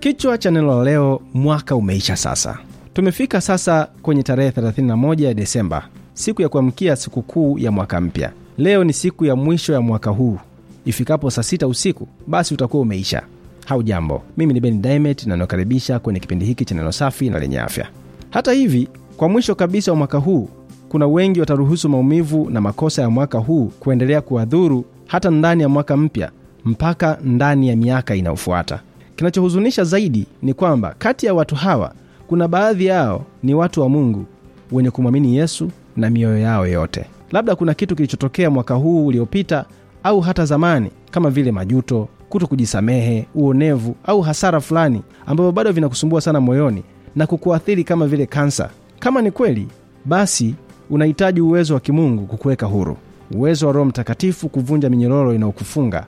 Kichwa cha neno la leo, mwaka umeisha sasa. Tumefika sasa kwenye tarehe 31 ya Desemba, siku ya kuamkia sikukuu ya mwaka mpya. Leo ni siku ya mwisho ya mwaka huu. Ifikapo saa sita usiku, basi utakuwa umeisha. hau jambo mimi ni Ben dimet na nakaribisha kwenye kipindi hiki cha neno safi na lenye afya. Hata hivi, kwa mwisho kabisa wa mwaka huu, kuna wengi wataruhusu maumivu na makosa ya mwaka huu kuendelea kuwadhuru hata ndani ya mwaka mpya, mpaka ndani ya miaka inayofuata. Kinachohuzunisha zaidi ni kwamba kati ya watu hawa kuna baadhi yao ni watu wa Mungu wenye kumwamini Yesu na mioyo yao yote. Labda kuna kitu kilichotokea mwaka huu uliopita au hata zamani, kama vile majuto, kuto kujisamehe, uonevu au hasara fulani, ambavyo bado vinakusumbua sana moyoni na kukuathiri kama vile kansa. Kama ni kweli, basi unahitaji uwezo wa kimungu kukuweka huru, uwezo wa Roho Mtakatifu kuvunja minyororo inayokufunga.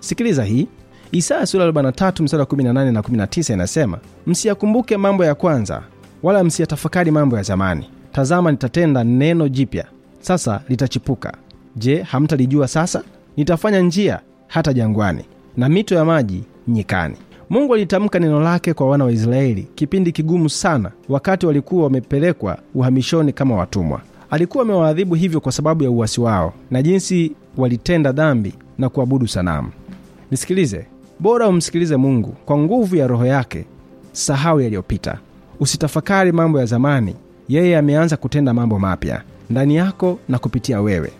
Sikiliza hii Isaya sura 43 mstari wa 18 na 19 inasema, msiyakumbuke mambo ya kwanza, wala msiyatafakari mambo ya zamani. Tazama, nitatenda neno jipya, sasa litachipuka. Je, hamtalijua? Sasa nitafanya njia hata jangwani na mito ya maji nyikani. Mungu alitamka neno lake kwa wana wa Israeli kipindi kigumu sana, wakati walikuwa wamepelekwa uhamishoni kama watumwa. Alikuwa amewaadhibu hivyo kwa sababu ya uwasi wao na jinsi walitenda dhambi na kuabudu sanamu. Nisikilize, Bora umsikilize Mungu kwa nguvu ya Roho yake. Sahau yaliyopita, usitafakari mambo ya zamani. Yeye ameanza kutenda mambo mapya ndani yako na kupitia wewe.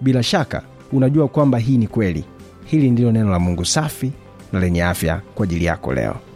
Bila shaka unajua kwamba hii ni kweli. Hili ndilo neno la Mungu safi na lenye afya kwa ajili yako leo.